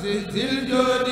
ذي الجود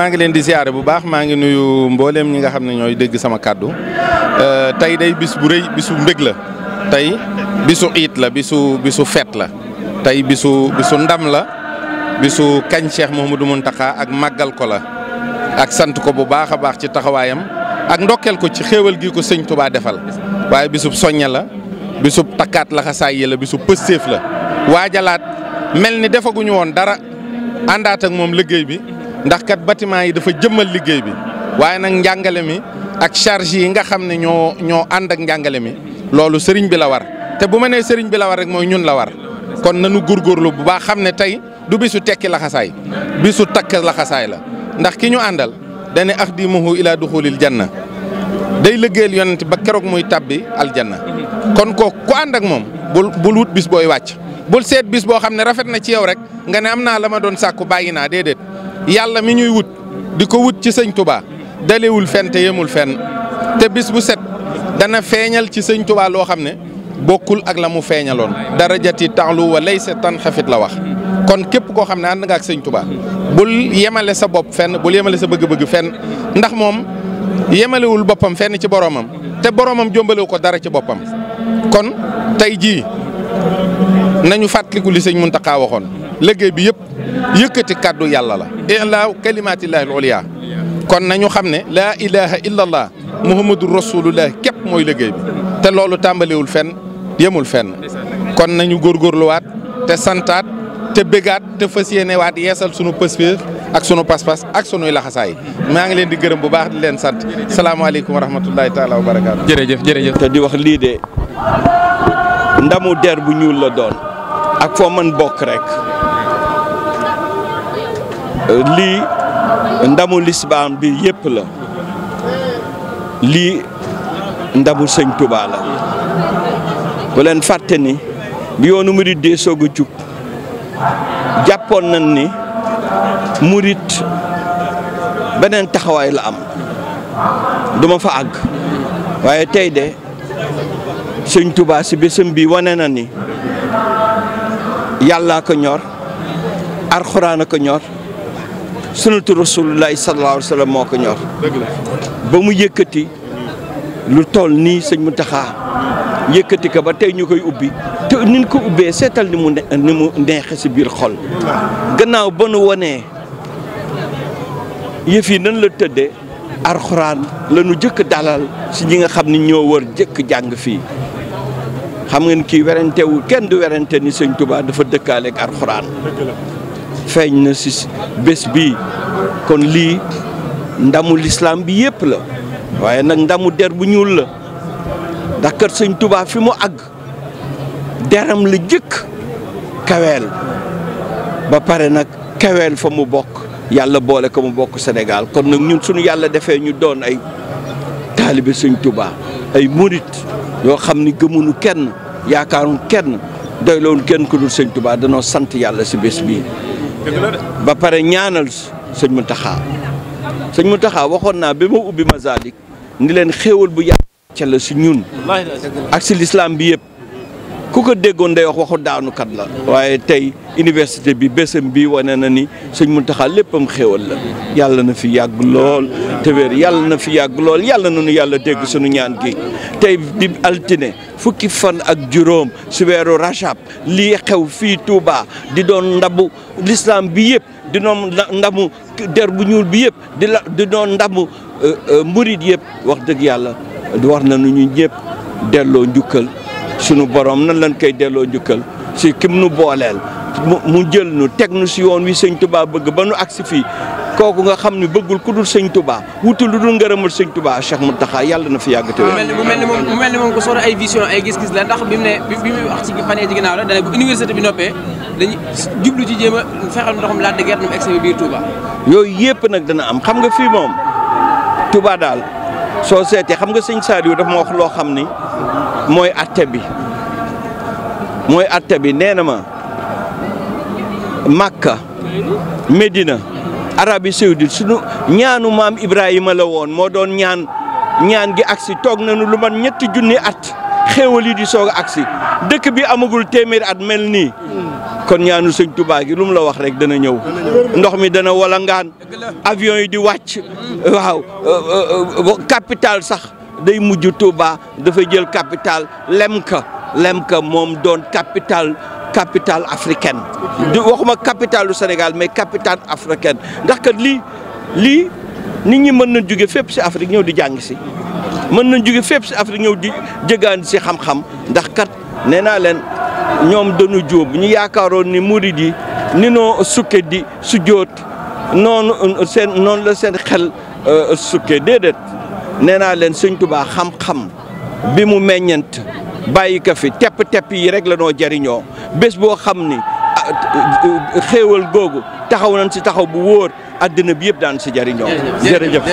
maa ngi leen di ziaré bu baax maa ngi nuyu mbollem ñi nga xam ñoy dégg sama euh tay day bis bu reuy bisu mbegg la tay bisu iit la bisu bisu fête la tay bisu bisu ndam la bisu kañ Cheikh Mouhamadou muntaka ak magal ko la ak sant ko bu baaxa baax ci taxawayam ak ndokkel ko ci xewal gi ko seigne Touba defal waye bisu soñna la bisu takkaat la yi la bisu pëstéef la wajalat mel ni defaguñu won dara andat ak mom liggey bi ndax kat batiment yi dafa jëmmal liggéey bi waaye nag njàngale mi ak charge yi nga xam ne ñoo ñoo ànd ak njàngale mi loolu sëriñ bi la war te bu ma nee sëriñ bi la war rek mooy ñun la war kon nañu góorgóorlu bu baax xam ne tey du bisu tekki laxasaay bisu takk laxasaay la ndax ki ñu àndal dane axdimuhu ilaa duxulil janna day liggéeyal yonent ba keroog muy tàbbi aljanna kon ko ku ànd ak moom bul bul wut bis booy wàcc bul seet bis boo xam ne rafet na ci yow rek nga ne am naa la ma doon sàkku bàyyi naa déedéet yàlla mi ñuy wut di ko wut ci sëñ tubaa dalewul fenn te yemul fenn te bis bu set dana feeñal ci sëñ tubaa loo xam ne bokkul ak la mu feeñaloon dara taxlu wa laysa tan xafit la wax kon képp koo xam ne ànd nga ak sëñ tubaa bul yemale sa bopp fenn bul yemale sa bëgg-bëgg fenn ndax moom yemalewul boppam fenn ci boroomam te boromam jombalewu ko dara ci boppam kon tey jii nañu fàttaliku li sëñ Muntaxa waxoon liggey bi yep yëkkati kaddu yalla la illa kalimaatillaahi al kon nañu xamne la ilaha illa allah rasulullah kep moy liggey bi te lolu tàmbaliwul fenn yemul fenn kon nañu wat te santat te begat te fas wat yeesal sunu passeport ak sunu passeport ak sunuy laxasaay ma ngi leen di gërëm bu baax di leen sant assalamu alaykum warahmatullahi taala wa jef jere jef te di wax li de ndamu der bu ñuul la doon ak fo man bok rek lii ndamu lislaam bi yépp la lii ndamu sëñ Tuubaa la bu leen fàtte ni bi yoonu murit dee soog a jub jàppoon nañ ni murit beneen taxawaay la am duma fa àgg waaye tey de sëñ tubaa si bésam bi wane na ni yàllaa ko ñor arxuraan a ko ñor sunnatu rasulullahi sallallahu alayhi wa sallam moo ko ñor ba mu yëkkati lu toll nii sëñ Mountakha yëkkati ko ba tey ñu koy ubbi te niñ ko ubbee seetal ni mu ni mu neexe si biir xol gannaaw ba nu wonee yëf yi nan la tëddee arxuraan la nu jëkk dalal si ñi nga xam ni ñoo wër jëkk jàng fii xam ngeen kii werante wu kenn du werante ni sëñ Touba dafa dëkkaaleek arxuraan feeñ na ci bés bi kon lii ndamu lislaam bi yépp la waaye nag ndamu der bu ñuul la ndax kër sëñ tubaa fi mu àgg deram la jëkk kaweel ba pare nag kaweel fa mu bokk yàlla boole ko mu bokk senegaal kon nag ñun suñu yàlla defee ñu doon ay taalibe sëñ tubaa ay murit yoo xam ni gëmunu kenn yaakaarun kenn doy loon kenn ku dul sëñ Tuubaa danoo sant yàlla ci bés bii ba pare ñaanal sëñ Mountakha sëñ Mountakha waxoon naa be ma ubbi Mazaalik ni leen xéewal bu yàlla ca la si ñun ak si lislaam bi yëpp ku ko déggoon day wax waxu daanukat la waaye tey université bi bésam bi wane na ni sëñ Muntaxa léppam xéewal la yàlla na fi yàgg lool te wér yàlla na fi yàgg lool yàlla na nu yàlla dégg suñu ñaan gi tey di altine fukki fan ak juróom si weeru rachab lii xew fii Touba di doon ndabu l'islam bi yëpp di doon ndamu der bu ñuul bi yëpp di di doon ndamu euh, euh, murid yëpp wax dëgg yàlla war na nu ñu ñëpp delloo njukkal sunu borom nan lañ koy delloo njukkal si kim nu booleel mu jël nu teg nu si yoon wi sëñ tubaa bëgg ba nu agsi fii kooku nga xam ne bëggul ku dul sëñ Touba wuti lu dul ngërëmal sëñ Touba mu Mountakha yàlla na fi yàgg te wér. mel ni moom mu mel ni moom ko gis-gis la ne bi mu wax ci fan yii bu université bi noppee dañuy jublu ci jéem a fexeel ndoxam laajte gerte mu egsi biir tubaa yooyu yëpp nag dana am xam nga fii moom Touba daal soo seetee xam nga sëñ Saliou dafa ma wax loo xam ni mooy atte bi mooy atte bi nee na ma Makka Medina Arabie Saoudite sunu ñaanu maam Ibrahima la woon moo doon ñaan ñaan gi agsi toog nañu lu man ñetti junni at xéewal yi di soog agsi dëkk bi amagul téeméeri at mel nii kon ñaanu sëñ Tuubaa gi lu mu la wax rek dana ñëw ndox mi dana walangaan avion yi di wàcc waaw euh, euh, euh, capital sax day mujj Touba dafa jël capital lem ka moom doon capital capital africaine di waxuma capital Sénégal mais capital africaine ndax kat lii lii nit ñi mën nañ jóge fépp si Afrique ñëw di jàng si mën nañ jóge fépp si Afrique ñëw di jëgaan si xam-xam ndax kat nee naa leen ñoom dañu jóob ñu yaakaaroon ni murid yi ni noo sukke di su jóot noonu seen noonu la seen xel euh, sukke déedéet nee naa leen sëñ Tuubaa xam-xam bi mu meññent bàyyi ko fi tepp-tepp yi rek la noo jariñoo bés boo xam ni ah, xéewal googu taxaw nañ si taxaw bu wóor àddina bi yëpp daan si jariñoo jërëjëf